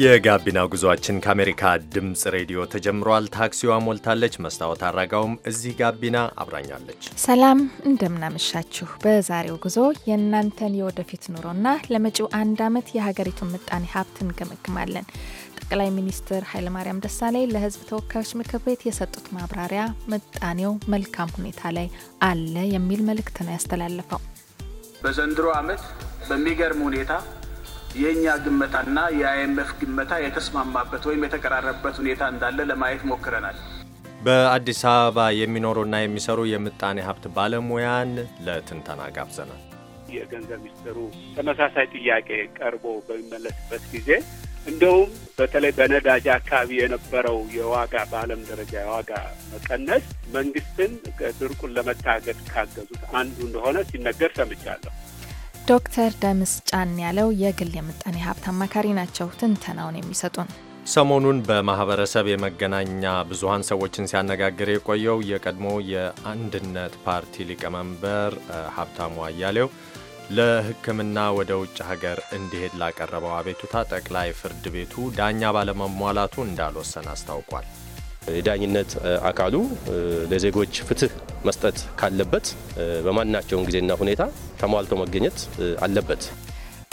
የጋቢና ጉዟችን ከአሜሪካ ድምፅ ሬዲዮ ተጀምሯል። ታክሲዋ ሞልታለች። መስታወት አድራጋውም እዚህ ጋቢና አብራኛለች። ሰላም እንደምናመሻችሁ። በዛሬው ጉዞ የእናንተን የወደፊት ኑሮና ለመጪው አንድ ዓመት የሀገሪቱን ምጣኔ ሀብት እንገመግማለን። ጠቅላይ ሚኒስትር ኃይለማርያም ደሳለኝ ለሕዝብ ተወካዮች ምክር ቤት የሰጡት ማብራሪያ ምጣኔው መልካም ሁኔታ ላይ አለ የሚል መልእክት ነው ያስተላለፈው። በዘንድሮ ዓመት በሚገርም ሁኔታ የእኛ ግመታና የአይኤምኤፍ ግመታ የተስማማበት ወይም የተቀራረበበት ሁኔታ እንዳለ ለማየት ሞክረናል። በአዲስ አበባ የሚኖሩና የሚሰሩ የምጣኔ ሀብት ባለሙያን ለትንተና ጋብዘናል። የገንዘብ ሚኒስትሩ ተመሳሳይ ጥያቄ ቀርቦ በሚመለስበት ጊዜ እንደውም በተለይ በነዳጅ አካባቢ የነበረው የዋጋ በዓለም ደረጃ የዋጋ መቀነስ መንግስትን ድርቁን ለመታገድ ካገዙት አንዱ እንደሆነ ሲነገር ሰምቻለሁ። ዶክተር ደምስ ጫን ያለው የግል የምጣኔ ሀብት አማካሪ ናቸው ትንተናውን የሚሰጡን። ሰሞኑን በማህበረሰብ የመገናኛ ብዙሀን ሰዎችን ሲያነጋግር የቆየው የቀድሞ የአንድነት ፓርቲ ሊቀመንበር ሀብታሙ አያሌው ለሕክምና ወደ ውጭ ሀገር እንዲሄድ ላቀረበው አቤቱታ ጠቅላይ ፍርድ ቤቱ ዳኛ ባለመሟላቱ እንዳልወሰን አስታውቋል። የዳኝነት አካሉ ለዜጎች ፍትህ መስጠት ካለበት በማናቸውም ጊዜና ሁኔታ ተሟልቶ መገኘት አለበት።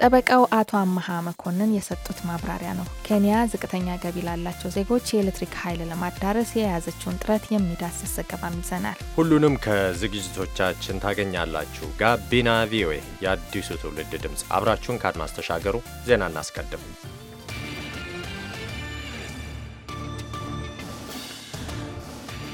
ጠበቃው አቶ አመሃ መኮንን የሰጡት ማብራሪያ ነው። ኬንያ ዝቅተኛ ገቢ ላላቸው ዜጎች የኤሌክትሪክ ኃይል ለማዳረስ የያዘችውን ጥረት የሚዳስስ ዘገባም ይዘናል። ሁሉንም ከዝግጅቶቻችን ታገኛላችሁ። ጋቢና ቪኦኤ፣ የአዲሱ ትውልድ ድምፅ። አብራችሁን ካድማስ ተሻገሩ። ዜና እናስቀድም።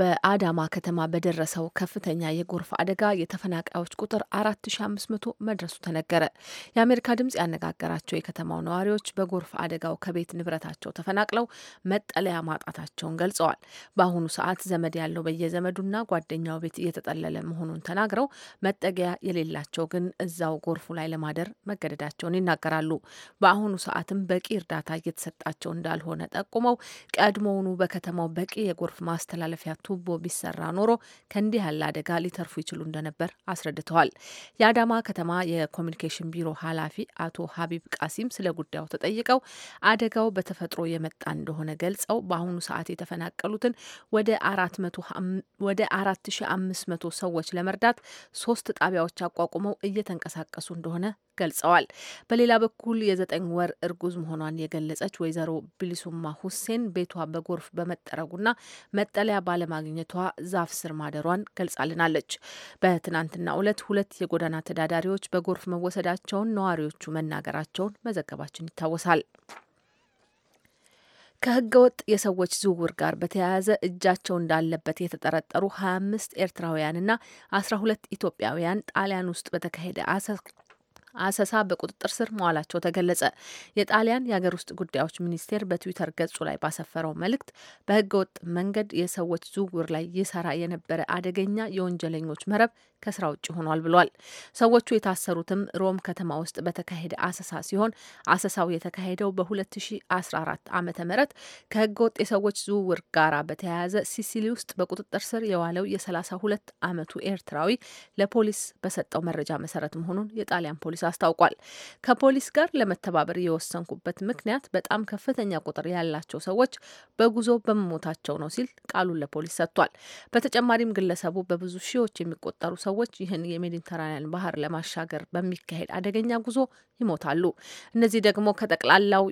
በአዳማ ከተማ በደረሰው ከፍተኛ የጎርፍ አደጋ የተፈናቃዮች ቁጥር 4500 መድረሱ ተነገረ። የአሜሪካ ድምጽ ያነጋገራቸው የከተማው ነዋሪዎች በጎርፍ አደጋው ከቤት ንብረታቸው ተፈናቅለው መጠለያ ማጣታቸውን ገልጸዋል። በአሁኑ ሰዓት ዘመድ ያለው በየዘመዱና ጓደኛው ቤት እየተጠለለ መሆኑን ተናግረው መጠጊያ የሌላቸው ግን እዛው ጎርፉ ላይ ለማደር መገደዳቸውን ይናገራሉ። በአሁኑ ሰዓትም በቂ እርዳታ እየተሰጣቸው እንዳልሆነ ጠቁመው ቀድሞውኑ በከተማው በቂ የጎርፍ ማስተላለፊያ ቱቦ ቢሰራ ኖሮ ከእንዲህ ያለ አደጋ ሊተርፉ ይችሉ እንደነበር አስረድተዋል። የአዳማ ከተማ የኮሚኒኬሽን ቢሮ ኃላፊ አቶ ሀቢብ ቃሲም ስለ ጉዳዩ ተጠይቀው አደጋው በተፈጥሮ የመጣ እንደሆነ ገልጸው በአሁኑ ሰዓት የተፈናቀሉትን ወደ አራት ሺ አምስት መቶ ሰዎች ለመርዳት ሶስት ጣቢያዎች አቋቁመው እየተንቀሳቀሱ እንደሆነ ገልጸዋል። በሌላ በኩል የዘጠኝ ወር እርጉዝ መሆኗን የገለጸች ወይዘሮ ቢሊሱማ ሁሴን ቤቷ በጎርፍ በመጠረጉና መጠለያ ባለማግኘቷ ዛፍ ስር ማደሯን ገልጻልናለች። በትናንትናው ዕለት ሁለት የጎዳና ተዳዳሪዎች በጎርፍ መወሰዳቸውን ነዋሪዎቹ መናገራቸውን መዘገባችን ይታወሳል። ከህገወጥ የሰዎች ዝውውር ጋር በተያያዘ እጃቸው እንዳለበት የተጠረጠሩ ሀያ አምስት ኤርትራውያንና አስራ ሁለት ኢትዮጵያውያን ጣሊያን ውስጥ በተካሄደ አሰ። አሰሳ በቁጥጥር ስር መዋላቸው ተገለጸ። የጣሊያን የአገር ውስጥ ጉዳዮች ሚኒስቴር በትዊተር ገጹ ላይ ባሰፈረው መልእክት በህገወጥ መንገድ የሰዎች ዝውውር ላይ ይሰራ የነበረ አደገኛ የወንጀለኞች መረብ ከስራ ውጭ ሆኗል ብሏል። ሰዎቹ የታሰሩትም ሮም ከተማ ውስጥ በተካሄደ አሰሳ ሲሆን አሰሳው የተካሄደው በ2014 ዓ ም ከህገወጥ የሰዎች ዝውውር ጋራ በተያያዘ ሲሲሊ ውስጥ በቁጥጥር ስር የዋለው የ32 ዓመቱ ኤርትራዊ ለፖሊስ በሰጠው መረጃ መሰረት መሆኑን የጣሊያን ፖሊስ አስታውቋል። ከፖሊስ ጋር ለመተባበር የወሰንኩበት ምክንያት በጣም ከፍተኛ ቁጥር ያላቸው ሰዎች በጉዞ በመሞታቸው ነው ሲል ቃሉን ለፖሊስ ሰጥቷል። በተጨማሪም ግለሰቡ በብዙ ሺዎች የሚቆጠሩ ሰዎች ይህን የሜዲተራኒያን ባህር ለማሻገር በሚካሄድ አደገኛ ጉዞ ይሞታሉ። እነዚህ ደግሞ ከጠቅላላው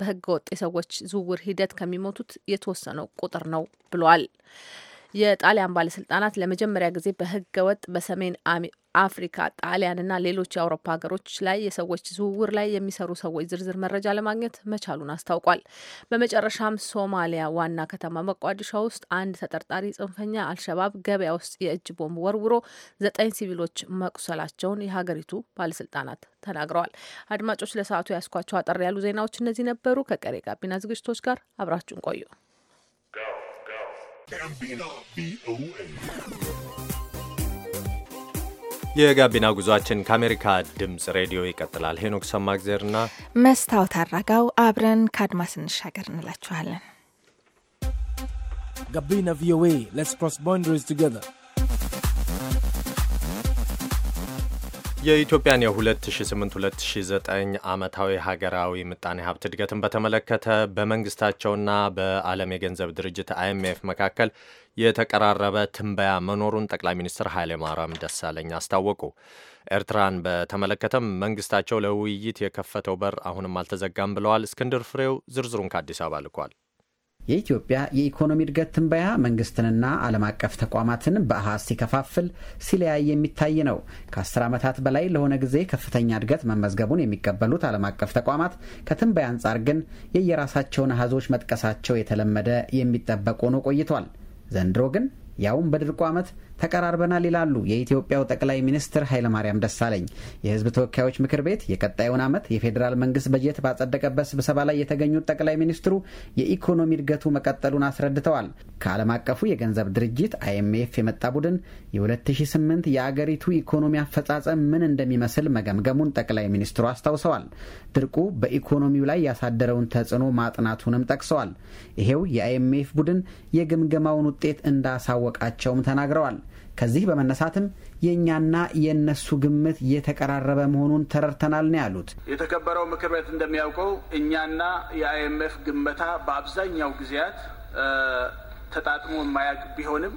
በህገ ወጥ የሰዎች ዝውውር ሂደት ከሚሞቱት የተወሰነው ቁጥር ነው ብሏል። የጣሊያን ባለስልጣናት ለመጀመሪያ ጊዜ በህገ ወጥ በሰሜን አፍሪካ ጣሊያንና ሌሎች የአውሮፓ ሀገሮች ላይ የሰዎች ዝውውር ላይ የሚሰሩ ሰዎች ዝርዝር መረጃ ለማግኘት መቻሉን አስታውቋል። በመጨረሻም ሶማሊያ ዋና ከተማ መቋዲሻ ውስጥ አንድ ተጠርጣሪ ጽንፈኛ አልሸባብ ገበያ ውስጥ የእጅ ቦምብ ወርውሮ ዘጠኝ ሲቪሎች መቁሰላቸውን የሀገሪቱ ባለስልጣናት ተናግረዋል። አድማጮች ለሰዓቱ ያስኳቸው አጠር ያሉ ዜናዎች እነዚህ ነበሩ። ከቀሪ ጋቢና ዝግጅቶች ጋር አብራችሁን ቆዩ። የጋቢና ጉዟችን ከአሜሪካ ድምፅ ሬዲዮ ይቀጥላል። ሄኖክ ሰማግዜርና መስታወት አራጋው አብረን ከአድማስ እንሻገር እንላችኋለን። ጋቢና ቪኦኤ ሌትስ ክሮስ ቦንደሪስ ቱጌዘር የኢትዮጵያን የ2008-2009 ዓመታዊ ሀገራዊ ምጣኔ ሀብት እድገትን በተመለከተ በመንግስታቸውና በዓለም የገንዘብ ድርጅት አይኤምኤፍ መካከል የተቀራረበ ትንበያ መኖሩን ጠቅላይ ሚኒስትር ኃይለማርያም ደሳለኝ አስታወቁ። ኤርትራን በተመለከተም መንግስታቸው ለውይይት የከፈተው በር አሁንም አልተዘጋም ብለዋል። እስክንድር ፍሬው ዝርዝሩን ከአዲስ አበባ ልኳል። የኢትዮጵያ የኢኮኖሚ እድገት ትንበያ መንግስትንና ዓለም አቀፍ ተቋማትን በአሃዝ ሲከፋፍል ሲለያይ የሚታይ ነው። ከአስር ዓመታት በላይ ለሆነ ጊዜ ከፍተኛ እድገት መመዝገቡን የሚቀበሉት ዓለም አቀፍ ተቋማት ከትንበያ አንጻር ግን የየራሳቸውን አሃዞች መጥቀሳቸው የተለመደ የሚጠበቅ ሆኖ ቆይቷል። ዘንድሮ ግን ያውም በድርቁ ዓመት ተቀራርበናል ይላሉ የኢትዮጵያው ጠቅላይ ሚኒስትር ኃይለማርያም ደሳለኝ። የህዝብ ተወካዮች ምክር ቤት የቀጣዩን ዓመት የፌዴራል መንግስት በጀት ባጸደቀበት ስብሰባ ላይ የተገኙት ጠቅላይ ሚኒስትሩ የኢኮኖሚ እድገቱ መቀጠሉን አስረድተዋል። ከዓለም አቀፉ የገንዘብ ድርጅት አይኤምኤፍ የመጣ ቡድን የ2008 የአገሪቱ ኢኮኖሚ አፈጻጸም ምን እንደሚመስል መገምገሙን ጠቅላይ ሚኒስትሩ አስታውሰዋል። ድርቁ በኢኮኖሚው ላይ ያሳደረውን ተጽዕኖ ማጥናቱንም ጠቅሰዋል። ይሄው የአይኤምኤፍ ቡድን የግምገማውን ውጤት እንዳሳወቃቸውም ተናግረዋል። ከዚህ በመነሳትም የእኛና የእነሱ ግምት እየተቀራረበ መሆኑን ተረድተናል ነው ያሉት። የተከበረው ምክር ቤት እንደሚያውቀው እኛና የአይኤምኤፍ ግመታ በአብዛኛው ጊዜያት ተጣጥሞ የማያውቅ ቢሆንም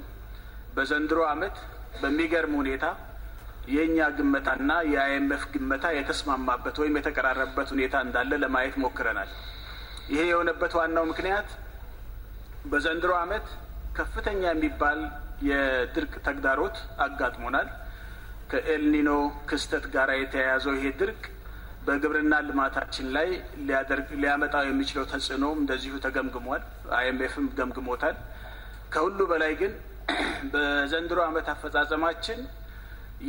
በዘንድሮ ዓመት በሚገርም ሁኔታ የእኛ ግመታና የአይኤምኤፍ ግመታ የተስማማበት ወይም የተቀራረበበት ሁኔታ እንዳለ ለማየት ሞክረናል። ይሄ የሆነበት ዋናው ምክንያት በዘንድሮ ዓመት ከፍተኛ የሚባል የድርቅ ተግዳሮት አጋጥሞናል። ከኤልኒኖ ክስተት ጋር የተያያዘው ይሄ ድርቅ በግብርና ልማታችን ላይ ሊያመጣው የሚችለው ተጽዕኖም እንደዚሁ ተገምግሟል። አይኤምኤፍም ገምግሞታል። ከሁሉ በላይ ግን በዘንድሮ ዓመት አፈጻጸማችን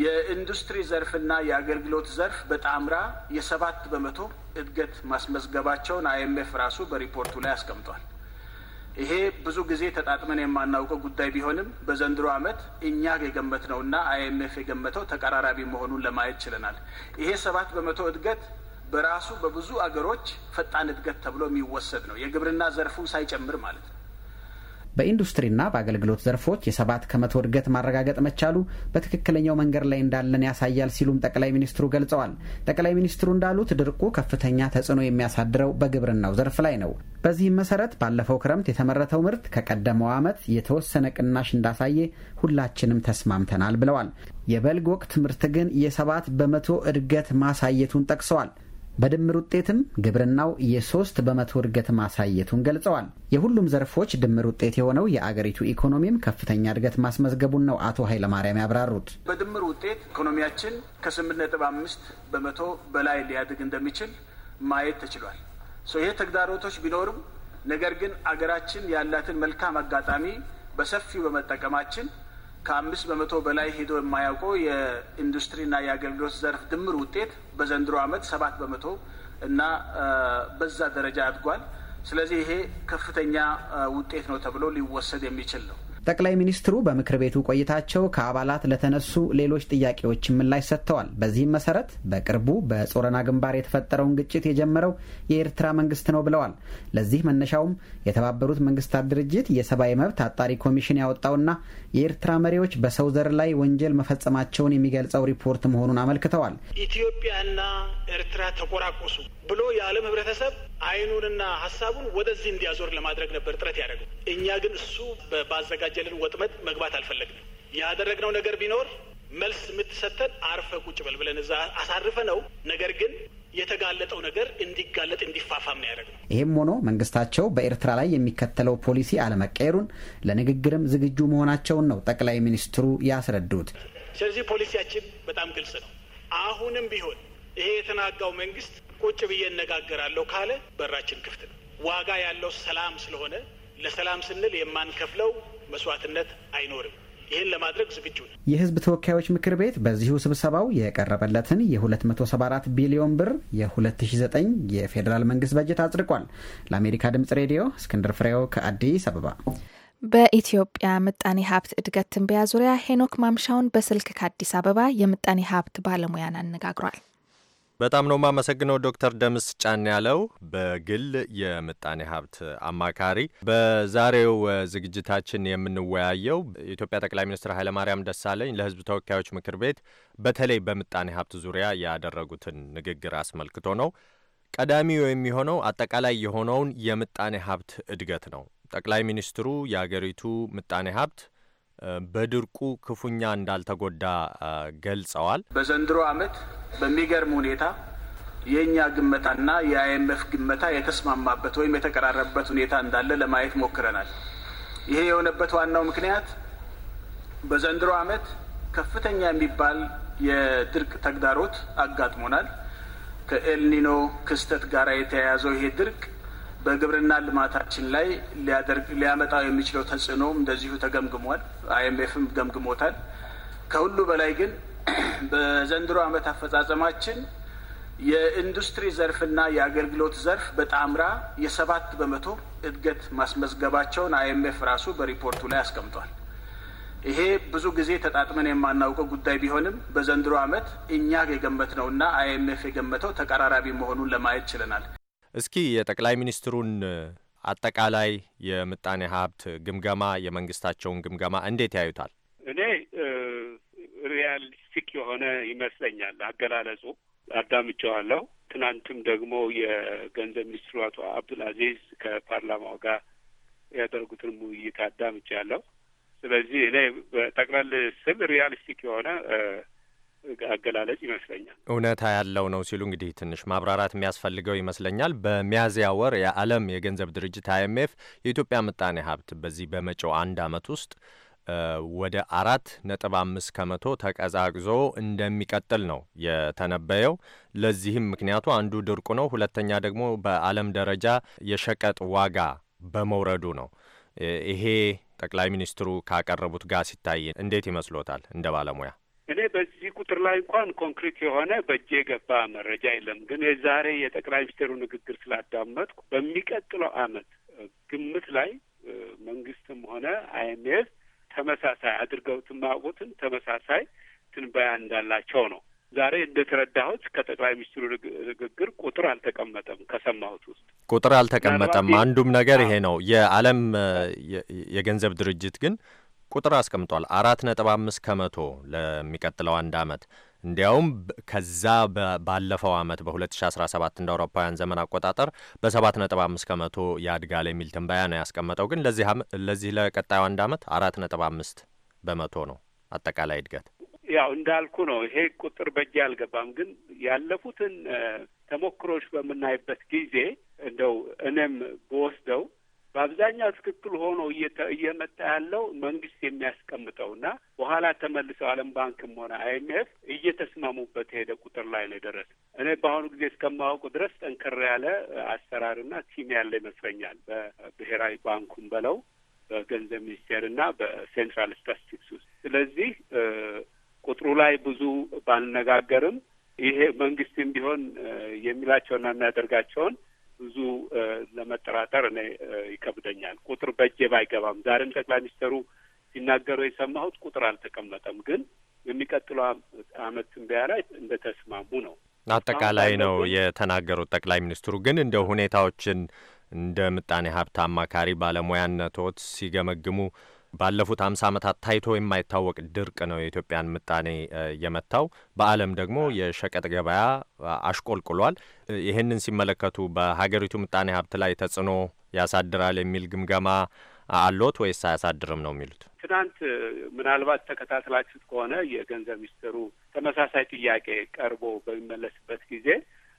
የኢንዱስትሪ ዘርፍና የአገልግሎት ዘርፍ በጣምራ የሰባት በመቶ እድገት ማስመዝገባቸውን አይኤምኤፍ ራሱ በሪፖርቱ ላይ አስቀምጧል። ይሄ ብዙ ጊዜ ተጣጥመን የማናውቀው ጉዳይ ቢሆንም በዘንድሮ ዓመት እኛ የገመትነውና አይኤምኤፍ የገመተው ተቀራራቢ መሆኑን ለማየት ችለናል። ይሄ ሰባት በመቶ እድገት በራሱ በብዙ አገሮች ፈጣን እድገት ተብሎ የሚወሰድ ነው። የግብርና ዘርፉ ሳይጨምር ማለት ነው። በኢንዱስትሪና በአገልግሎት ዘርፎች የሰባት ከመቶ እድገት ማረጋገጥ መቻሉ በትክክለኛው መንገድ ላይ እንዳለን ያሳያል ሲሉም ጠቅላይ ሚኒስትሩ ገልጸዋል። ጠቅላይ ሚኒስትሩ እንዳሉት ድርቁ ከፍተኛ ተጽዕኖ የሚያሳድረው በግብርናው ዘርፍ ላይ ነው። በዚህም መሰረት ባለፈው ክረምት የተመረተው ምርት ከቀደመው ዓመት የተወሰነ ቅናሽ እንዳሳየ ሁላችንም ተስማምተናል ብለዋል። የበልግ ወቅት ምርት ግን የሰባት በመቶ እድገት ማሳየቱን ጠቅሰዋል። በድምር ውጤትም ግብርናው የሶስት በመቶ እድገት ማሳየቱን ገልጸዋል። የሁሉም ዘርፎች ድምር ውጤት የሆነው የአገሪቱ ኢኮኖሚም ከፍተኛ እድገት ማስመዝገቡን ነው አቶ ኃይለማርያም ያብራሩት። በድምር ውጤት ኢኮኖሚያችን ከስምንት ነጥብ አምስት በመቶ በላይ ሊያድግ እንደሚችል ማየት ተችሏል። ይሄ ተግዳሮቶች ቢኖሩም ነገር ግን አገራችን ያላትን መልካም አጋጣሚ በሰፊው በመጠቀማችን ከአምስት በመቶ በላይ ሄዶ የማያውቀው የኢንዱስትሪና የአገልግሎት ዘርፍ ድምር ውጤት በዘንድሮ ዓመት ሰባት በመቶ እና በዛ ደረጃ አድጓል። ስለዚህ ይሄ ከፍተኛ ውጤት ነው ተብሎ ሊወሰድ የሚችል ነው። ጠቅላይ ሚኒስትሩ በምክር ቤቱ ቆይታቸው ከአባላት ለተነሱ ሌሎች ጥያቄዎች ምላሽ ሰጥተዋል። በዚህም መሰረት በቅርቡ በጾረና ግንባር የተፈጠረውን ግጭት የጀመረው የኤርትራ መንግስት ነው ብለዋል። ለዚህ መነሻውም የተባበሩት መንግስታት ድርጅት የሰብአዊ መብት አጣሪ ኮሚሽን ያወጣውና የኤርትራ መሪዎች በሰው ዘር ላይ ወንጀል መፈጸማቸውን የሚገልጸው ሪፖርት መሆኑን አመልክተዋል። ኢትዮጵያና ኤርትራ ተቆራቆሱ ብሎ የዓለም ህብረተሰብ አይኑንና ሀሳቡን ወደዚህ እንዲያዞር ለማድረግ ነበር ጥረት ያደረገው። እኛ ግን እሱ ባዘጋጀልን ወጥመድ መግባት አልፈለግንም። ያደረግነው ነገር ቢኖር መልስ የምትሰተን አርፈ ቁጭ በል ብለን እዛ አሳርፈ ነው። ነገር ግን የተጋለጠው ነገር እንዲጋለጥ እንዲፋፋም ነው ያደረግነው። ይህም ሆኖ መንግስታቸው በኤርትራ ላይ የሚከተለው ፖሊሲ አለመቀየሩን ለንግግርም ዝግጁ መሆናቸውን ነው ጠቅላይ ሚኒስትሩ ያስረዱት። ስለዚህ ፖሊሲያችን በጣም ግልጽ ነው። አሁንም ቢሆን ይሄ የተናጋው መንግስት ቁጭ ብዬ እነጋገራለሁ ካለ በራችን ክፍት ነው። ዋጋ ያለው ሰላም ስለሆነ ለሰላም ስንል የማንከፍለው መስዋዕትነት አይኖርም። ይህን ለማድረግ ዝግጁ ነው። የህዝብ ተወካዮች ምክር ቤት በዚሁ ስብሰባው የቀረበለትን የ274 ቢሊዮን ብር የ2009 የፌዴራል መንግስት በጀት አጽድቋል። ለአሜሪካ ድምጽ ሬዲዮ እስክንድር ፍሬው ከአዲስ አበባ። በኢትዮጵያ ምጣኔ ሀብት እድገት ትንበያ ዙሪያ ሄኖክ ማምሻውን በስልክ ከአዲስ አበባ የምጣኔ ሀብት ባለሙያን አነጋግሯል። በጣም ነው የማመሰግነው ዶክተር ደምስ ጫን ያለው በግል የምጣኔ ሀብት አማካሪ። በዛሬው ዝግጅታችን የምንወያየው የኢትዮጵያ ጠቅላይ ሚኒስትር ኃይለማርያም ደሳለኝ ለሕዝብ ተወካዮች ምክር ቤት በተለይ በምጣኔ ሀብት ዙሪያ ያደረጉትን ንግግር አስመልክቶ ነው። ቀዳሚው የሚሆነው አጠቃላይ የሆነውን የምጣኔ ሀብት እድገት ነው። ጠቅላይ ሚኒስትሩ የአገሪቱ ምጣኔ ሀብት በድርቁ ክፉኛ እንዳልተጎዳ ገልጸዋል። በዘንድሮ ዓመት በሚገርም ሁኔታ የእኛ ግመታና የአይኤምኤፍ ግመታ የተስማማበት ወይም የተቀራረበበት ሁኔታ እንዳለ ለማየት ሞክረናል። ይሄ የሆነበት ዋናው ምክንያት በዘንድሮ ዓመት ከፍተኛ የሚባል የድርቅ ተግዳሮት አጋጥሞናል። ከኤልኒኖ ክስተት ጋር የተያያዘው ይሄ ድርቅ በግብርና ልማታችን ላይ ሊያመጣው የሚችለው ተጽዕኖ እንደዚሁ ተገምግሟል። አይኤምኤፍም ገምግሞታል። ከሁሉ በላይ ግን በዘንድሮ ዓመት አፈጻጸማችን የኢንዱስትሪ ዘርፍና የአገልግሎት ዘርፍ በጣምራ የሰባት በመቶ እድገት ማስመዝገባቸውን አይኤምኤፍ ራሱ በሪፖርቱ ላይ አስቀምጧል። ይሄ ብዙ ጊዜ ተጣጥመን የማናውቀው ጉዳይ ቢሆንም በዘንድሮ ዓመት እኛ የገመት ነውና አይኤምኤፍ የገመተው ተቀራራቢ መሆኑን ለማየት ችለናል። እስኪ የጠቅላይ ሚኒስትሩን አጠቃላይ የምጣኔ ሀብት ግምገማ የመንግስታቸውን ግምገማ እንዴት ያዩታል? እኔ ሪያሊስቲክ የሆነ ይመስለኛል አገላለጹ። አዳምጨዋለሁ። ትናንትም ደግሞ የገንዘብ ሚኒስትሩ አቶ አብዱልአዚዝ ከፓርላማው ጋር ያደረጉትን ውይይት አዳምጫለሁ። ስለዚህ እኔ በጠቅላል ስል ሪያሊስቲክ የሆነ አገላለጽ ይመስለኛል እውነታ ያለው ነው ሲሉ እንግዲህ ትንሽ ማብራራት የሚያስፈልገው ይመስለኛል። በሚያዝያ ወር የዓለም የገንዘብ ድርጅት አይኤምኤፍ የኢትዮጵያ ምጣኔ ሀብት በዚህ በመጪው አንድ ዓመት ውስጥ ወደ አራት ነጥብ አምስት ከመቶ ተቀዛቅዞ እንደሚቀጥል ነው የተነበየው። ለዚህም ምክንያቱ አንዱ ድርቁ ነው። ሁለተኛ ደግሞ በዓለም ደረጃ የሸቀጥ ዋጋ በመውረዱ ነው። ይሄ ጠቅላይ ሚኒስትሩ ካቀረቡት ጋር ሲታይ እንዴት ይመስሎታል እንደ ባለሙያ? እኔ በዚህ ቁጥር ላይ እንኳን ኮንክሪት የሆነ በእጅ የገባ መረጃ የለም። ግን የዛሬ የጠቅላይ ሚኒስትሩ ንግግር ስላዳመጥኩ በሚቀጥለው አመት ግምት ላይ መንግስትም ሆነ አይኤምኤፍ ተመሳሳይ አድርገውት ማቁትን ተመሳሳይ ትንበያ እንዳላቸው ነው። ዛሬ እንደተረዳሁት ከጠቅላይ ሚኒስትሩ ንግግር ቁጥር አልተቀመጠም። ከሰማሁት ውስጥ ቁጥር አልተቀመጠም። አንዱም ነገር ይሄ ነው። የዓለም የገንዘብ ድርጅት ግን ቁጥር አስቀምጧል። አራት ነጥብ አምስት ከመቶ ለሚቀጥለው አንድ አመት እንዲያውም ከዛ ባለፈው አመት በ2017 እንደ አውሮፓውያን ዘመን አቆጣጠር በ7.5 ከመቶ ያድጋል የሚል ትንበያ ነው ያስቀመጠው። ግን ለዚህ ለቀጣዩ አንድ አመት 4.5 በመቶ ነው አጠቃላይ እድገት። ያው እንዳልኩ ነው ይሄ ቁጥር በእጅ አልገባም። ግን ያለፉትን ተሞክሮች በምናይበት ጊዜ እንደው እኔም በወስደው በአብዛኛው ትክክል ሆኖ እየመጣ ያለው መንግስት የሚያስቀምጠውና በኋላ ተመልሰው ዓለም ባንክም ሆነ አይኤምኤፍ እየተስማሙበት የሄደ ቁጥር ላይ ነው የደረሰ። እኔ በአሁኑ ጊዜ እስከማወቁ ድረስ ጠንከር ያለ አሰራርና ቲም ያለ ይመስለኛል። በብሔራዊ ባንኩም በለው በገንዘብ ሚኒስቴርና በሴንትራል ስታስቲክስ ውስጥ። ስለዚህ ቁጥሩ ላይ ብዙ ባልነጋገርም ይሄ መንግስትም ቢሆን የሚላቸውና የሚያደርጋቸውን ብዙ ለመጠራጠር እኔ ይከብደኛል። ቁጥር በእጄ ባይገባም ዛሬም ጠቅላይ ሚኒስትሩ ሲናገሩ የሰማሁት ቁጥር አልተቀመጠም፣ ግን የሚቀጥለው አመት ትንበያ ላይ እንደ ተስማሙ ነው። አጠቃላይ ነው የተናገሩት ጠቅላይ ሚኒስትሩ። ግን እንደ ሁኔታዎችን እንደ ምጣኔ ሀብት አማካሪ ባለሙያነቶት ሲገመግሙ ባለፉት ሀምሳ ዓመታት ታይቶ የማይታወቅ ድርቅ ነው የኢትዮጵያን ምጣኔ የመታው። በዓለም ደግሞ የሸቀጥ ገበያ አሽቆልቁሏል። ይህንን ሲመለከቱ በሀገሪቱ ምጣኔ ሀብት ላይ ተጽዕኖ ያሳድራል የሚል ግምገማ አሎት ወይስ አያሳድርም ነው የሚሉት? ትናንት ምናልባት ተከታትላችሁት ከሆነ የገንዘብ ሚኒስትሩ ተመሳሳይ ጥያቄ ቀርቦ በሚመለስበት ጊዜ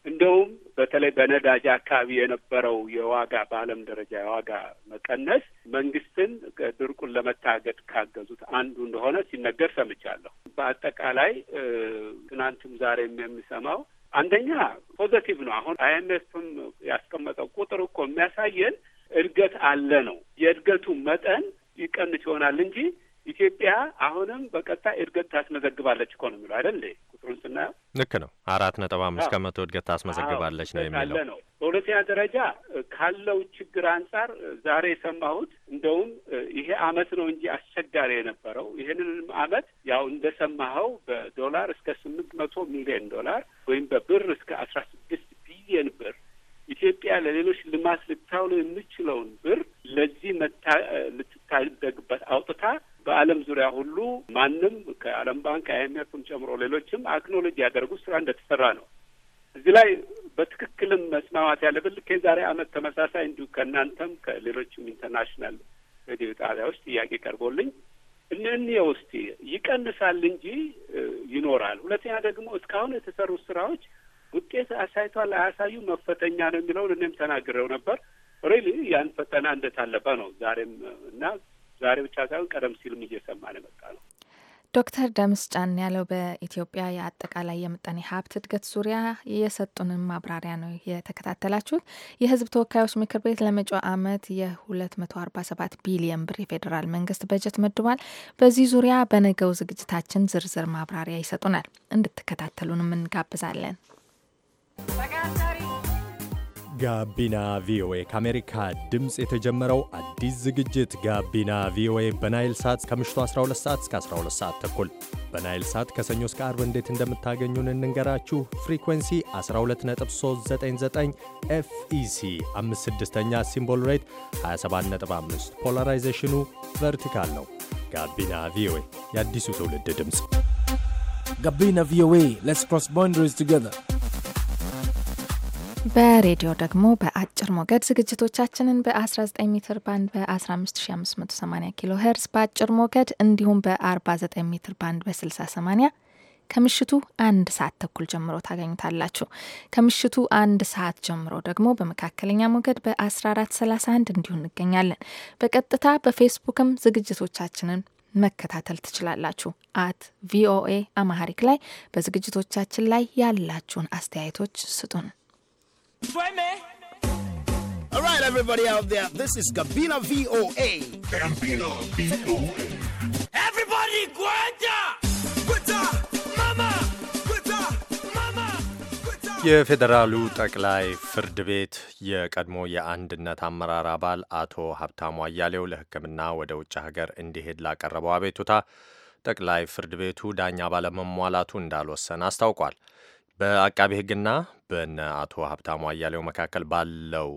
እንደውም በተለይ በነዳጅ አካባቢ የነበረው የዋጋ በዓለም ደረጃ የዋጋ መቀነስ መንግስትን ድርቁን ለመታገድ ካገዙት አንዱ እንደሆነ ሲነገር ሰምቻለሁ። በአጠቃላይ ትናንትም ዛሬም የሚሰማው አንደኛ ፖዘቲቭ ነው። አሁን አይኤምኤፍም ያስቀመጠው ቁጥር እኮ የሚያሳየን እድገት አለ ነው። የእድገቱ መጠን ይቀንስ ይሆናል እንጂ ኢትዮጵያ አሁንም በቀጣይ እድገት ታስመዘግባለች እኮ ነው የሚለው አይደል? ቁጥሩን ስናየው ልክ ነው። አራት ነጥብ አምስት ከመቶ እድገት ታስመዘግባለች ነው የሚለው ነው። በሁለተኛ ደረጃ ካለው ችግር አንጻር ዛሬ የሰማሁት እንደውም ይሄ አመት ነው እንጂ አስቸጋሪ የነበረው ይህንንም አመት ያው እንደሰማኸው በዶላር እስከ ስምንት መቶ ሚሊዮን ዶላር ወይም በብር እስከ አስራ ስድስት ቢሊየን ብር ኢትዮጵያ ለሌሎች ልማት ልታውለው የምችለውን ብር ለዚህ መታ ልትታደግበት አውጥታ በዓለም ዙሪያ ሁሉ ማንም ከዓለም ባንክ አይኤምኤፍም ጨምሮ ሌሎችም አክኖሎጂ ያደረጉት ስራ እንደተሰራ ነው። እዚህ ላይ በትክክልም መስማማት ያለብን ከዛሬ አመት ተመሳሳይ እንዲሁ ከእናንተም ከሌሎችም ኢንተርናሽናል ሬዲዮ ጣቢያዎች ጥያቄ ቀርቦልኝ እንእኒየ ውስጥ ይቀንሳል እንጂ ይኖራል። ሁለተኛ ደግሞ እስካሁን የተሰሩ ስራዎች ውጤት አሳይቷል አያሳዩ መፈተኛ ነው የሚለውን እኔም ተናግረው ነበር። ሪሊ ያን ፈተና እንደታለፈ ነው ዛሬም እና ዛሬ ብቻ ሳይሆን ቀደም ሲልም እየሰማን የመጣ ነው። ዶክተር ደምስ ጫን ያለው በኢትዮጵያ የአጠቃላይ የምጣኔ ሀብት እድገት ዙሪያ የሰጡንን ማብራሪያ ነው የተከታተላችሁት። የህዝብ ተወካዮች ምክር ቤት ለመጪው ዓመት የ247 ቢሊየን ብር የፌዴራል መንግስት በጀት መድቧል። በዚህ ዙሪያ በነገው ዝግጅታችን ዝርዝር ማብራሪያ ይሰጡናል። እንድትከታተሉንም እንጋብዛለን። ጋቢና ቪኦኤ ከአሜሪካ ድምፅ የተጀመረው አዲስ ዝግጅት ጋቢና ቪኦኤ በናይል ሳት ከምሽቱ 12 ሰዓት እስከ 12 ሰዓት ተኩል በናይል ሳት ከሰኞ እስከ አርብ እንዴት እንደምታገኙን እንንገራችሁ። ፍሪኩንሲ 12399 ኤፍኢሲ 56ኛ ሲምቦል ሬት 275 ፖላራይዜሽኑ ቨርቲካል ነው። ጋቢና ቪኦኤ የአዲሱ ትውልድ ድምፅ። ጋቢና ቪኦኤ ስ ክሮስ ባውንደሪስ በሬዲዮ ደግሞ በአጭር ሞገድ ዝግጅቶቻችንን በ19 ሜትር ባንድ በ15580 ኪሎ ሄርስ በአጭር ሞገድ እንዲሁም በ49 ሜትር ባንድ በ6080 ከምሽቱ አንድ ሰዓት ተኩል ጀምሮ ታገኙታላችሁ። ከምሽቱ አንድ ሰዓት ጀምሮ ደግሞ በመካከለኛ ሞገድ በ1431 እንዲሁ እንገኛለን። በቀጥታ በፌስቡክም ዝግጅቶቻችንን መከታተል ትችላላችሁ። አት ቪኦኤ አማሐሪክ ላይ በዝግጅቶቻችን ላይ ያላችሁን አስተያየቶች ስጡን። All right, everybody out there, this is Gabina VOA. Gabina VOA. Everybody, Mama! የፌዴራሉ ጠቅላይ ፍርድ ቤት የቀድሞ የአንድነት አመራር አባል አቶ ሀብታሙ አያሌው ለሕክምና ወደ ውጭ ሀገር እንዲሄድ ላቀረበው አቤቱታ ጠቅላይ ፍርድ ቤቱ ዳኛ ባለመሟላቱ እንዳልወሰነ አስታውቋል። በአቃቤ ሕግና በነ አቶ ሀብታሙ አያሌው መካከል ባለው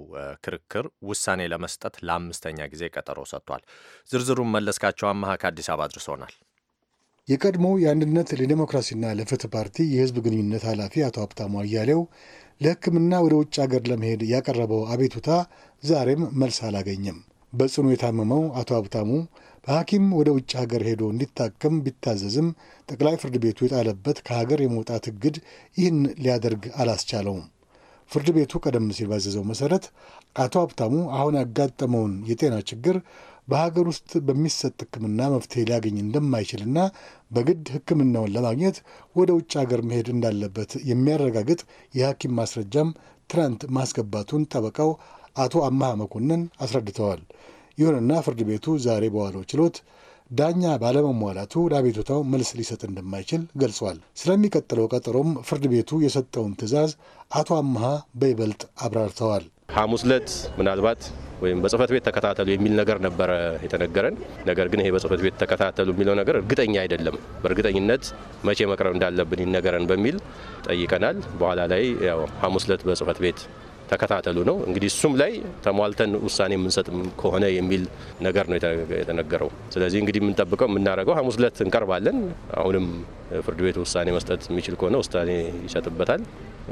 ክርክር ውሳኔ ለመስጠት ለአምስተኛ ጊዜ ቀጠሮ ሰጥቷል። ዝርዝሩን መለስካቸው አመሀ ከአዲስ አበባ አድርሶናል። የቀድሞ የአንድነት ለዲሞክራሲና ለፍትህ ፓርቲ የህዝብ ግንኙነት ኃላፊ አቶ ሀብታሙ አያሌው ለሕክምና ወደ ውጭ ሀገር ለመሄድ ያቀረበው አቤቱታ ዛሬም መልስ አላገኘም። በጽኑ የታመመው አቶ ሀብታሙ በሐኪም ወደ ውጭ ሀገር ሄዶ እንዲታከም ቢታዘዝም ጠቅላይ ፍርድ ቤቱ የጣለበት ከሀገር የመውጣት እግድ ይህን ሊያደርግ አላስቻለውም። ፍርድ ቤቱ ቀደም ሲል ባዘዘው መሰረት አቶ ሀብታሙ አሁን ያጋጠመውን የጤና ችግር በሀገር ውስጥ በሚሰጥ ሕክምና መፍትሄ ሊያገኝ እንደማይችልና በግድ ሕክምናውን ለማግኘት ወደ ውጭ ሀገር መሄድ እንዳለበት የሚያረጋግጥ የሐኪም ማስረጃም ትናንት ማስገባቱን ጠበቃው አቶ አማሃ መኮንን አስረድተዋል። ይሁንና ፍርድ ቤቱ ዛሬ በዋለው ችሎት ዳኛ ባለመሟላቱ ለአቤቱታው መልስ ሊሰጥ እንደማይችል ገልጿል። ስለሚቀጥለው ቀጠሮም ፍርድ ቤቱ የሰጠውን ትዕዛዝ አቶ አምሃ በይበልጥ አብራርተዋል። ሐሙስ ዕለት ምናልባት ወይም በጽህፈት ቤት ተከታተሉ የሚል ነገር ነበረ የተነገረን። ነገር ግን ይሄ በጽህፈት ቤት ተከታተሉ የሚለው ነገር እርግጠኛ አይደለም። በእርግጠኝነት መቼ መቅረብ እንዳለብን ይነገረን በሚል ጠይቀናል። በኋላ ላይ ያው ሐሙስ ዕለት በጽህፈት ቤት ተከታተሉ ነው። እንግዲህ እሱም ላይ ተሟልተን ውሳኔ የምንሰጥ ከሆነ የሚል ነገር ነው የተነገረው። ስለዚህ እንግዲህ የምንጠብቀው የምናደርገው ሐሙስ ዕለት እንቀርባለን። አሁንም ፍርድ ቤት ውሳኔ መስጠት የሚችል ከሆነ ውሳኔ ይሰጥበታል።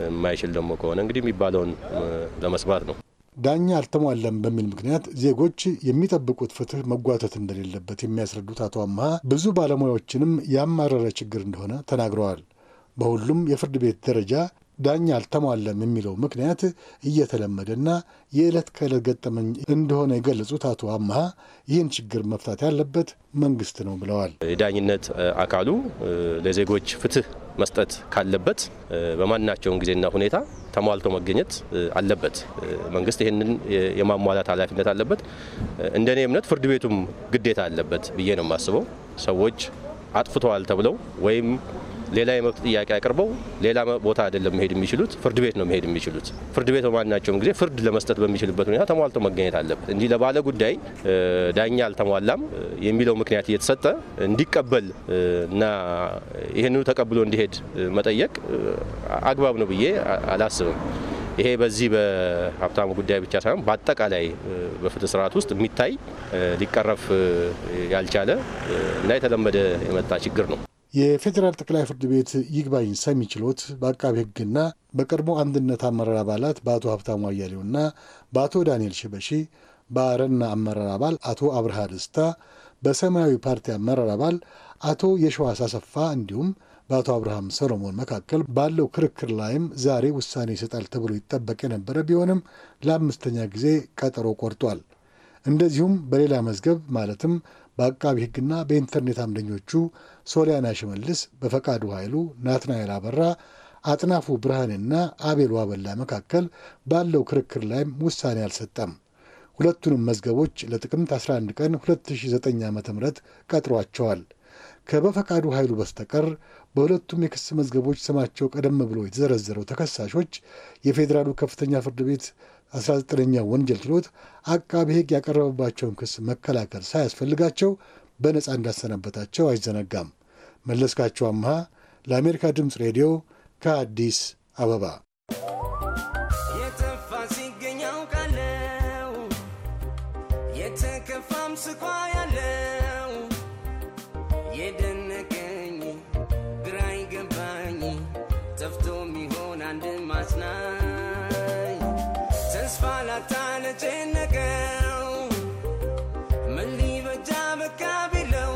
የማይችል ደግሞ ከሆነ እንግዲህ የሚባለውን ለመስማት ነው። ዳኛ አልተሟላም በሚል ምክንያት ዜጎች የሚጠብቁት ፍትህ መጓተት እንደሌለበት የሚያስረዱት አቶ አመሀ ብዙ ባለሙያዎችንም ያማረረ ችግር እንደሆነ ተናግረዋል። በሁሉም የፍርድ ቤት ደረጃ ዳኛ አልተሟለም የሚለው ምክንያት እየተለመደና የዕለት ከዕለት ገጠመኝ እንደሆነ የገለጹት አቶ አመሀ ይህን ችግር መፍታት ያለበት መንግስት ነው ብለዋል። የዳኝነት አካሉ ለዜጎች ፍትህ መስጠት ካለበት በማናቸውም ጊዜና ሁኔታ ተሟልቶ መገኘት አለበት። መንግስት ይህንን የማሟላት ኃላፊነት አለበት። እንደኔ እምነት ፍርድ ቤቱም ግዴታ አለበት ብዬ ነው የማስበው። ሰዎች አጥፍተዋል ተብለው ወይም ሌላ የመብት ጥያቄ አቅርበው ሌላ ቦታ አይደለም መሄድ የሚችሉት፣ ፍርድ ቤት ነው መሄድ የሚችሉት። ፍርድ ቤት በማናቸውም ጊዜ ፍርድ ለመስጠት በሚችልበት ሁኔታ ተሟልቶ መገኘት አለበት። እንዲህ ለባለ ጉዳይ ዳኛ አልተሟላም የሚለው ምክንያት እየተሰጠ እንዲቀበል እና ይህንኑ ተቀብሎ እንዲሄድ መጠየቅ አግባብ ነው ብዬ አላስብም። ይሄ በዚህ በሀብታሙ ጉዳይ ብቻ ሳይሆን በአጠቃላይ በፍትህ ስርዓት ውስጥ የሚታይ ሊቀረፍ ያልቻለ እና የተለመደ የመጣ ችግር ነው። የፌዴራል ጠቅላይ ፍርድ ቤት ይግባኝ ሰሚ ችሎት በአቃቤ ሕግና በቀድሞ አንድነት አመራር አባላት በአቶ ሀብታሙ አያሌውና በአቶ ዳንኤል ሽበሺ፣ በአረና አመራር አባል አቶ አብርሃ ደስታ፣ በሰማያዊ ፓርቲ አመራር አባል አቶ የሸዋስ አሰፋ እንዲሁም በአቶ አብርሃም ሰሎሞን መካከል ባለው ክርክር ላይም ዛሬ ውሳኔ ይሰጣል ተብሎ ይጠበቅ የነበረ ቢሆንም ለአምስተኛ ጊዜ ቀጠሮ ቆርጧል። እንደዚሁም በሌላ መዝገብ ማለትም በአቃቢ ሕግና በኢንተርኔት አምደኞቹ ሶሊያና ሽመልስ፣ በፈቃዱ ኃይሉ፣ ናትናኤል አበራ፣ አጥናፉ ብርሃንና አቤል ዋበላ መካከል ባለው ክርክር ላይም ውሳኔ አልሰጠም። ሁለቱንም መዝገቦች ለጥቅምት 11 ቀን 2009 ዓ ም ቀጥሯቸዋል። ከበፈቃዱ ኃይሉ በስተቀር በሁለቱም የክስ መዝገቦች ስማቸው ቀደም ብሎ የተዘረዘረው ተከሳሾች የፌዴራሉ ከፍተኛ ፍርድ ቤት 19ኛ ወንጀል ችሎት አቃቢ ሕግ ያቀረበባቸውን ክስ መከላከል ሳያስፈልጋቸው በነፃ እንዳሰናበታቸው አይዘነጋም። መለስካቸው አምሃ ለአሜሪካ ድምፅ ሬዲዮ ከአዲስ አበባ የተከፋም ያለ የተጨነቀው ምን ሊበጃ በቃ ቢለው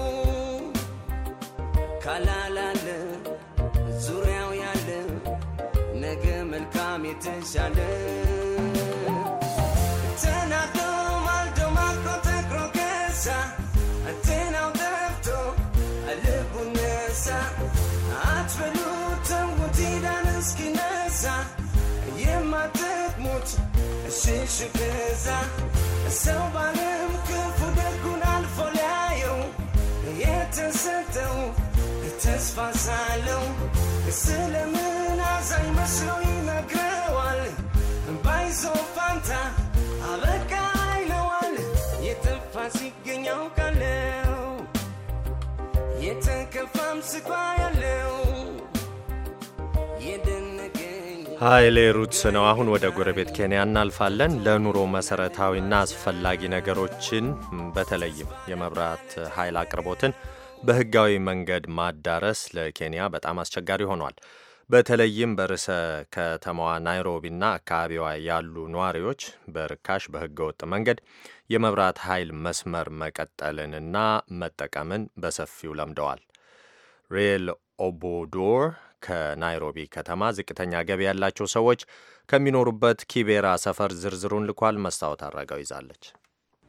ካላላለ ዙሪያው ያለ ነገ መልካም የተሻለ ተናዶ ማልዶ ማልቆ ከሳ እንትናው ጠፍቶ ልቡ ነሳ አትበሉ ተውት ይዳን እስኪነሳ ሲበዛ ሰው ባለም ክፉ ደጉን አልፎ ሊያየው የተሰጠው ተስፋ ሳለው ስለምን አዛኝ መስሎ ይነግረዋል። ባይዘው ፋንታ አበቃ ይለዋል። የጠፋ ሲገኝ አውቃለው የተከፋም ኃይሌ ሩትስ ነው። አሁን ወደ ጎረቤት ኬንያ እናልፋለን። ለኑሮ መሰረታዊና አስፈላጊ ነገሮችን በተለይም የመብራት ኃይል አቅርቦትን በህጋዊ መንገድ ማዳረስ ለኬንያ በጣም አስቸጋሪ ሆኗል። በተለይም በርዕሰ ከተማዋ ናይሮቢና አካባቢዋ ያሉ ነዋሪዎች በርካሽ በህገወጥ መንገድ የመብራት ኃይል መስመር መቀጠልንና መጠቀምን በሰፊው ለምደዋል። ሬል ኦቦዶር ከናይሮቢ ከተማ ዝቅተኛ ገቢ ያላቸው ሰዎች ከሚኖሩበት ኪቤራ ሰፈር ዝርዝሩን ልኳል። መስታወት አረጋው ይዛለች።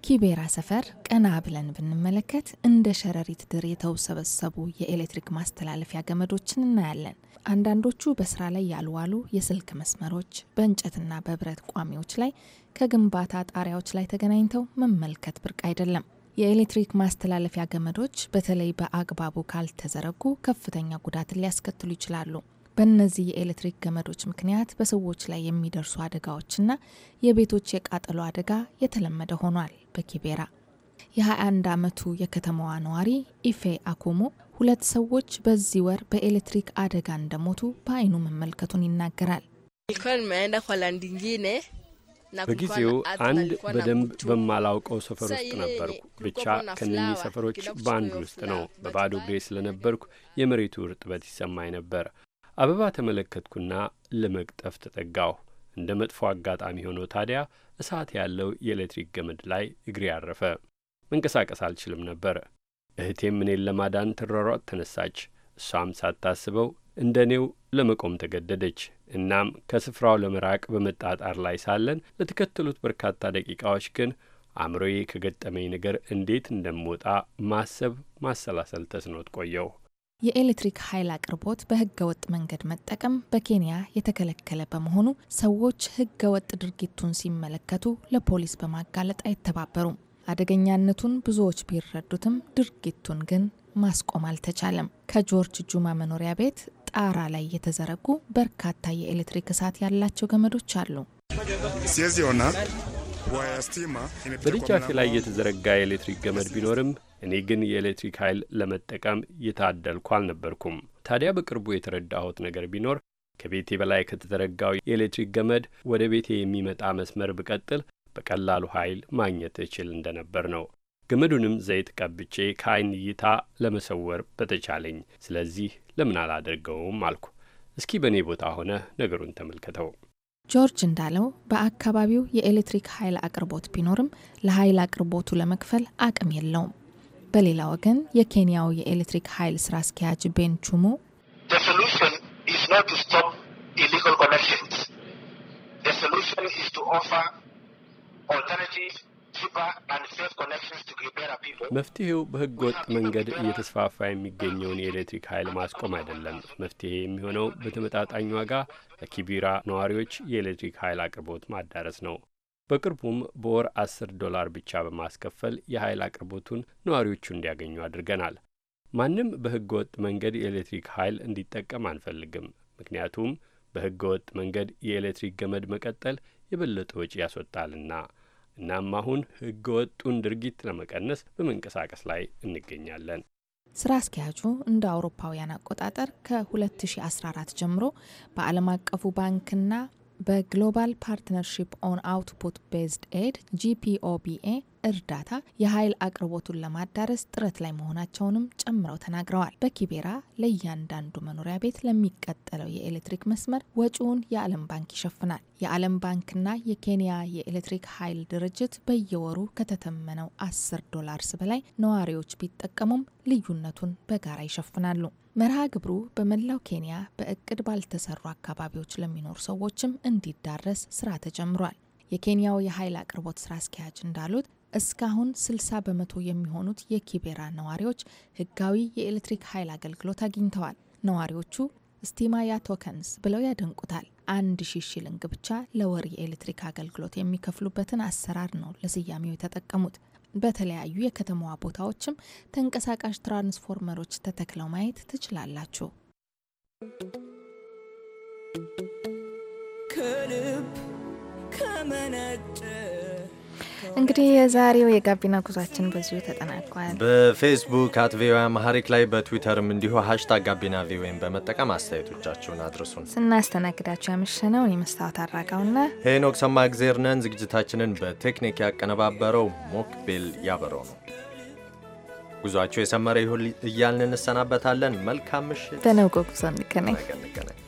ኪቤራ ሰፈር ቀና ብለን ብንመለከት እንደ ሸረሪት ድር የተውሰበሰቡ የኤሌክትሪክ ማስተላለፊያ ገመዶችን እናያለን። አንዳንዶቹ በስራ ላይ ያልዋሉ የስልክ መስመሮች በእንጨትና በብረት ቋሚዎች ላይ ከግንባታ ጣሪያዎች ላይ ተገናኝተው መመልከት ብርቅ አይደለም። የኤሌክትሪክ ማስተላለፊያ ገመዶች በተለይ በአግባቡ ካልተዘረጉ ከፍተኛ ጉዳትን ሊያስከትሉ ይችላሉ። በእነዚህ የኤሌክትሪክ ገመዶች ምክንያት በሰዎች ላይ የሚደርሱ አደጋዎችና የቤቶች የቃጠሎ አደጋ የተለመደ ሆኗል። በኪቤራ የ21 ዓመቱ የከተማዋ ነዋሪ ኢፌ አኮሞ ሁለት ሰዎች በዚህ ወር በኤሌክትሪክ አደጋ እንደሞቱ በአይኑ መመልከቱን ይናገራል። በጊዜው አንድ በደንብ በማላውቀው ሰፈር ውስጥ ነበርኩ። ብቻ ከነኚህ ሰፈሮች በአንድ ውስጥ ነው። በባዶ እግሬ ስለነበርኩ የመሬቱ እርጥበት ይሰማኝ ነበር። አበባ ተመለከትኩና ለመቅጠፍ ተጠጋሁ። እንደ መጥፎ አጋጣሚ ሆኖ ታዲያ እሳት ያለው የኤሌክትሪክ ገመድ ላይ እግሬ አረፈ። መንቀሳቀስ አልችልም ነበር። እህቴም እኔን ለማዳን ትሯሯጥ ተነሳች። እሷም ሳታስበው እንደ እኔው ለመቆም ተገደደች። እናም ከስፍራው ለመራቅ በመጣጣር ላይ ሳለን ለተከተሉት በርካታ ደቂቃዎች ግን አእምሮዬ ከገጠመኝ ነገር እንዴት እንደምወጣ ማሰብ ማሰላሰል ተስኖት ቆየው። የኤሌክትሪክ ኃይል አቅርቦት በህገ ወጥ መንገድ መጠቀም በኬንያ የተከለከለ በመሆኑ ሰዎች ህገ ወጥ ድርጊቱን ሲመለከቱ ለፖሊስ በማጋለጥ አይተባበሩም። አደገኛነቱን ብዙዎች ቢረዱትም ድርጊቱን ግን ማስቆም አልተቻለም። ከጆርጅ ጁማ መኖሪያ ቤት ጣራ ላይ የተዘረጉ በርካታ የኤሌክትሪክ እሳት ያላቸው ገመዶች አሉ። በደጃፌ ላይ የተዘረጋ የኤሌክትሪክ ገመድ ቢኖርም እኔ ግን የኤሌክትሪክ ኃይል ለመጠቀም የታደልኩ አልነበርኩም። ታዲያ በቅርቡ የተረዳሁት ነገር ቢኖር ከቤቴ በላይ ከተዘረጋው የኤሌክትሪክ ገመድ ወደ ቤቴ የሚመጣ መስመር ብቀጥል በቀላሉ ኃይል ማግኘት እችል እንደነበር ነው። ገመዱንም ዘይት ቀብቼ ከአይን እይታ ለመሰወር በተቻለኝ። ስለዚህ ለምን አላደርገውም አልኩ። እስኪ በእኔ ቦታ ሆነ ነገሩን ተመልከተው። ጆርጅ እንዳለው በአካባቢው የኤሌክትሪክ ኃይል አቅርቦት ቢኖርም ለኃይል አቅርቦቱ ለመክፈል አቅም የለውም። በሌላ ወገን የኬንያው የኤሌክትሪክ ኃይል ስራ አስኪያጅ ቤን ቹሙ መፍትሄው በህገ ወጥ መንገድ እየተስፋፋ የሚገኘውን የኤሌክትሪክ ኃይል ማስቆም አይደለም። መፍትሄ የሚሆነው በተመጣጣኝ ዋጋ ለኪቢራ ነዋሪዎች የኤሌክትሪክ ኃይል አቅርቦት ማዳረስ ነው። በቅርቡም በወር አስር ዶላር ብቻ በማስከፈል የኃይል አቅርቦቱን ነዋሪዎቹ እንዲያገኙ አድርገናል። ማንም በህገ ወጥ መንገድ የኤሌክትሪክ ኃይል እንዲጠቀም አንፈልግም። ምክንያቱም በህገ ወጥ መንገድ የኤሌክትሪክ ገመድ መቀጠል የበለጠ ወጪ ያስወጣልና። እናም አሁን ህገ ወጡን ድርጊት ለመቀነስ በመንቀሳቀስ ላይ እንገኛለን። ስራ አስኪያጁ እንደ አውሮፓውያን አቆጣጠር ከ2014 ጀምሮ በዓለም አቀፉ ባንክና በግሎባል ፓርትነርሺፕ ኦን አውትፑት ቤዝድ ኤድ ጂፒኦቢኤ እርዳታ የኃይል አቅርቦቱን ለማዳረስ ጥረት ላይ መሆናቸውንም ጨምረው ተናግረዋል። በኪቤራ ለእያንዳንዱ መኖሪያ ቤት ለሚቀጠለው የኤሌክትሪክ መስመር ወጪውን የዓለም ባንክ ይሸፍናል። የዓለም ባንክና የኬንያ የኤሌክትሪክ ኃይል ድርጅት በየወሩ ከተተመነው 10 ዶላርስ በላይ ነዋሪዎች ቢጠቀሙም ልዩነቱን በጋራ ይሸፍናሉ። መርሃ ግብሩ በመላው ኬንያ በእቅድ ባልተሰሩ አካባቢዎች ለሚኖሩ ሰዎችም እንዲዳረስ ስራ ተጀምሯል። የኬንያው የኃይል አቅርቦት ስራ አስኪያጅ እንዳሉት እስካሁን 60 በመቶ የሚሆኑት የኪቤራ ነዋሪዎች ህጋዊ የኤሌክትሪክ ኃይል አገልግሎት አግኝተዋል። ነዋሪዎቹ ስቲማያ ቶከንስ ብለው ያደንቁታል። አንድ ሺ ሺልንግ ብቻ ለወር የኤሌክትሪክ አገልግሎት የሚከፍሉበትን አሰራር ነው ለስያሜው የተጠቀሙት። በተለያዩ የከተማዋ ቦታዎችም ተንቀሳቃሽ ትራንስፎርመሮች ተተክለው ማየት ትችላላችሁ። ከልብ ከመነጨ እንግዲህ የዛሬው የጋቢና ጉዟችን በዚሁ ተጠናቋል። በፌስቡክ አት ቪኦኤ አማሃሪክ ላይ በትዊተርም እንዲሁ ሀሽታግ ጋቢና ቪኦኤን በመጠቀም አስተያየቶቻችሁን አድርሱን። ስናስተናግዳችሁ ያመሸነው እኔ መስታወት አራጋውና ሄኖክ ሰማ እግዜር ነን። ዝግጅታችንን በቴክኒክ ያቀነባበረው ሞክቤል ያበረው ነው። ጉዟችሁ የሰመረ ይሁን እያልን እንሰናበታለን። መልካም ምሽት። በነገው ጉዞ እንገናኝ።